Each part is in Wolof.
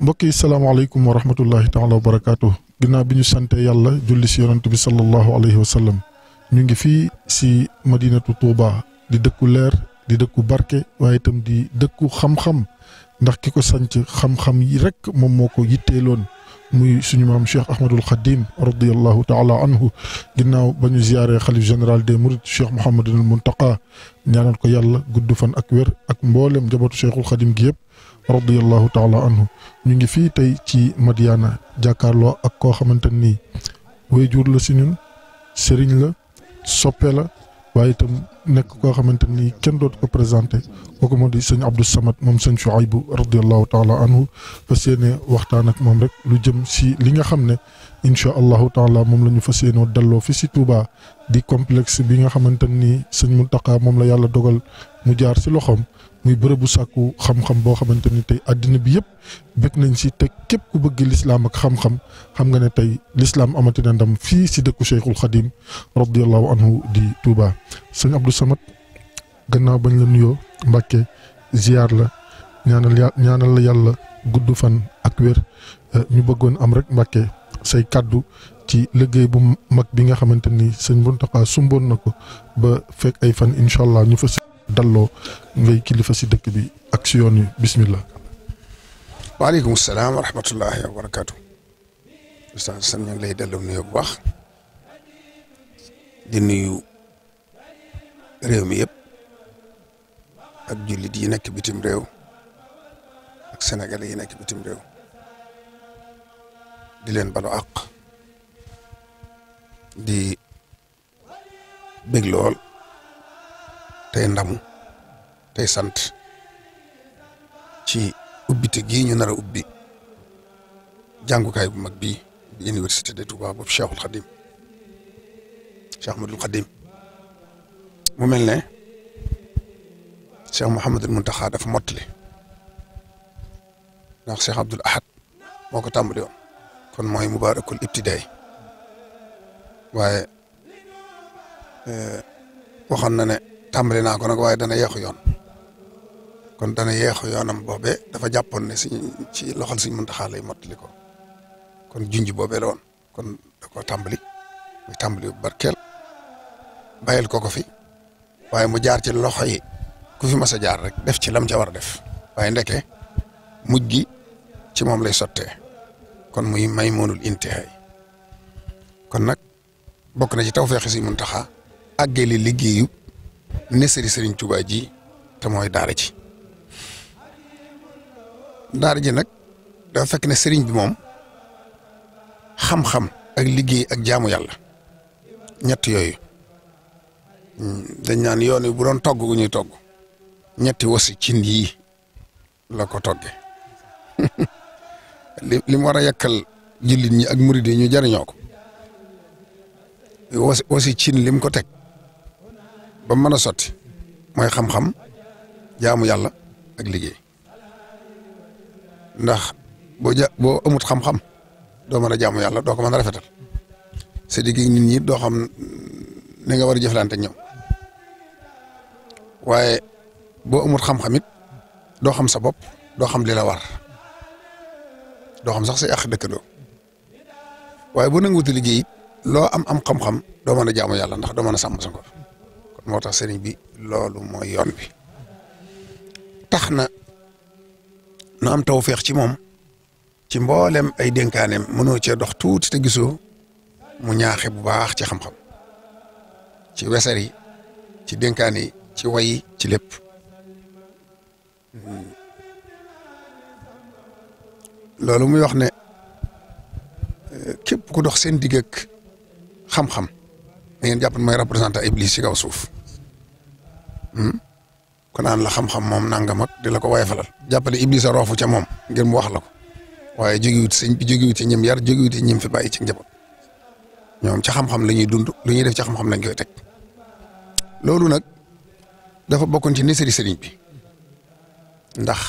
mbokk yi salaamaaleykum wa rahmatullahi taala wa barakaatu ginnaaw bi ñu santee yàlla julli si yonent bi sallallahu alayhi wa sallam ñu ngi fii si madinatu Touba di dëkku leer di dëkku barke waaye itam di dëkku xam-xam ndax ki ko sanc xam-xam yi rek moom moo ko loon muy suñu maam Cheikh Ahmadul Khadim radiallahu taala anhu ginnaaw ba ñu ziyaare xalif général des Mourides Cheikh Mouhamadul Muntaqa ñaanal ko yàlla gudd fan ak wér ak mboolem njabootu Cheikhul Khadim gi yëpp radiallahu taala anhu ñu ngi fii tey ci Madiana jàkkaarloo ak koo xamante nii wéyjuur la si ñun sëriñ la soppe la waaye itam nekk koo xamante ni kenn dootu ko présenté kooku moo di sëñ Abdou Samad moom sëñ Chouaïbou radiallahu taala anhu fas yéene waxtaan ak moom rek lu jëm si li nga xam ne incha allahu taala moom la ñu fas yéenoo delloo fi si Touba di complexe bi nga xamante nii sëñ Mountakha moom la yàlla dogal mu jaar si loxoom muy bërëbu sàkku xam-xam boo xamante ni tey àddina bi yëpp bëgg nañ si te képp ku bëgg lislaam ak xam-xam xam nga ne tey lislaam amati ndam fii si dëkku Cheikhul Khadim radiyallahu anhu di Touba. sëñ Abdou Samad gannaaw bañ la nuyoo Mbàkke ziar la ñaanal ya yàlla gudd fan ak wér eh, ñu bëggoon am rek Mbàkke say kàddu ci liggéey bu mag bi nga xamante ni sëñ sumboon na ko ba fekk ay fan incha ñu fa dalloo ngay kilifa si dëkk bi ak si yoon yi bismillah. waaleykum salaam wa rahmatullahi wa barakaatu. ustaz san ñu ngi lay delloo nuyu bu baax di nuyu réew mi yëpp ak jullit yi nekk bitim réew ak senegal yi nekk bitim réew di leen balu àq di bég lool. tey ndamu tey sant ci ubbite gii ñu nar a ubbi jàngukaay bu mag bii di université de Touba boobu Khadim Cheikh Ahmadoul Khadim mu mel ne Cheikh Mouhamadul Mountakha dafa mottali ndax Cheikh Abdoul Ahad moo ko tàmbali woon kon mooy mubaarakul ibtidaay waaye eh, waxoon na ne tàmbali naa ko nag waaye dana yeexu yoon kon dana yeexu yoonam boobee dafa jàppoon ne suñ ci loxol suñ Muntaxa lay mottali ko kon junj boobee la woon kon da tàmbali muy tàmbali bu barkeel bàyyil ko ko fi waaye mu jaar ci loxo yi ku fi mas a jaar rek def ci lam ca war a def waaye ndeke mujj gi ci moom lay sottee kon mu may moonul intihaay kon nag bokk na ci tawfeex si Muntaxa àggee li liggéeyu nesari sëriñ Tuubaa ji te mooy daara ji daara ji nag dafa fekk ne sëriñ bi moom xam-xam ak liggéey ak jaamu yàlla ñetti yooyu dañ ñaan yoon wi bu doon togg gu ñuy togg ñetti wasi cin yii la ko togge li li mu war a yàkkal jullit ñi ak murid ñu jariñoo ko wasi wasi cin lim ko teg ba mën a sotti mooy xam-xam jaamu yàlla ak liggéey ndax boo ja boo amut xam-xam doo mën a jaamu yàlla doo ko mën a rafetal sa digg nit ñi doo xam ni nga war a jëflante ak waaye boo amut xam-xam it doo xam sa bopp doo xam li la doo xam sax say àq dëkkandoo waaye boo nanguwuti liggéey it loo am am xam-xam doo man a jaamu yàlla ndax doo mën a sàmm sa ko moo tax sëriñ bi loolu mooy yoon bi tax na nu am feex ci moom ci mboolem ay dénkaaneem mënoo cee dox tuuti te gisoo mu ñaaxe bu baax ci xam-xam ci wesar yi ci dénkaan yi ci way ci lépp loolu muy wax ne képp ku dox seen digg xam-xam da ngeen jàpp ne mooy représentant Iblis ci kaw suuf ko naan la xam-xam moom nanga ak di la ko falal jàppale Iblisa roofu ca moom ngir mu wax la ko waaye jógewut sëñ bi jógewut ci ñim yar jógewut ci fi bàyyi ci njaboot ñoom ca xam-xam la ñuy dund lu ñuy def ca xam-xam lañ koy teg loolu nag dafa bokkoon ci nisari sëriñ bi ndax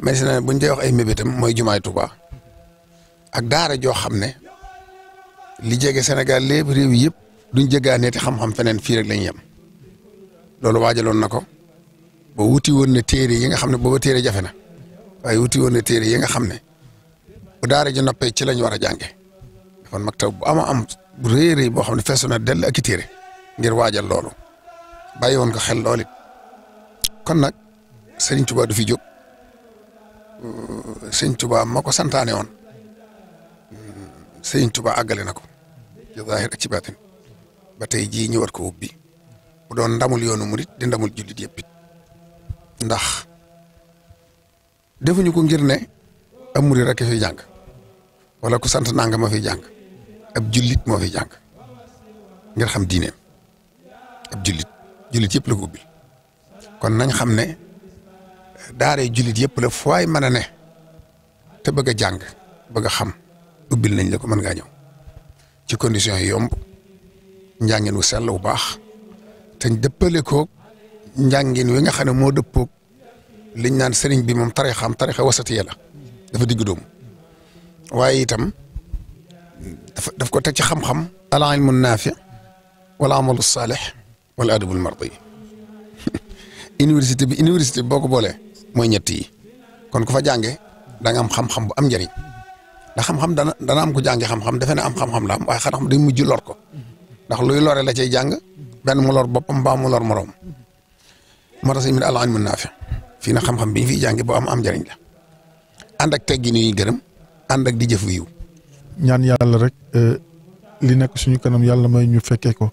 maintenant buñ dee wax ay mébétam mooy jumaay Tuubaa ak daara joo xam ne li jege Sénégal lépp réew yëpp duñ jéggaanee te xam-xam feneen fii rek lañ yem. loolu waajaloon na ko ba wuti woon na téere yi nga xam ne booba téere jafe na waaye wuti woon na téere yi nga xam ne bu daara ji noppee ci lañ war a jànge kon maktab bu ama am bu rëy a boo xam ne fees na dell ak i téere ngir waajal loolu bàyyi woon ko xel lool kon nag Serigne Touba du fi jóg Serigne Touba ma ko santaane woon Serigne Touba àggale na ko ci zaahir ak ci baatin ba tey jii ñëwaat ko ubbi. bu doon ndamul yoonu murit di ndamul julit yëpp it ndax defuñu ko ngir ne ab murit rek fiy jàng walla ku sant nanga ma fi jàng ab jullit moo fi jàng ngir xam diineem ab jullit jullit yëpp la ko ubbi kon nañ xam ne daaree jullit yëpp la fooy mën a ne te bëgg a jàng bëgg xam ubbil nañ la ko mën ngaa ñëw ci condition yi yomb njàngin wu sell wu baax te dëppale koog njàngin wi nga xam ne moo dëppoog liñ naan sëriñ bi moom tarixam tarixa wasatiya la dafa digg doomu waaye itam dafa def ko teg ci xam-xam. al ilmu naafi wal amalu saalix wal adabul mardi université bi université boo ko boolee mooy ñett yi kon ku fa jànge da am xam-xam bu am njëriñ ndax xam-xam dana am ko jànge xam-xam defe ne am xam-xam la am waaye xam-xam day mujj lor ko ndax luy la cay jàng benn mu lor boppam mbaa mu lor moroom moo tax sëñ bi àll mën naa fi fii na xam-xam bi ñu fiy jàngi boo am am njëriñ la ànd ak teggin yi gërëm ànd ak di jëf yiw ñaan yàlla rek euh, li nekk suñu kanam yàlla may ñu fekkee ko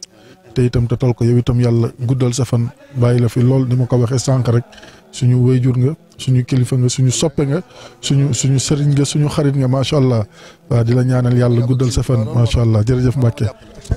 te itam te tal ko yow itam yàlla guddal sa fan bàyyi la fi lool ni ma ko waxee sànq rek suñu wayjur nga suñu kilifa nga suñu soppe nga suñu suñu sëriñ nga suñu xarit nga macha allah waa di la ñaanal yàlla guddal sa fan macha allah jërëjëf Mbacke.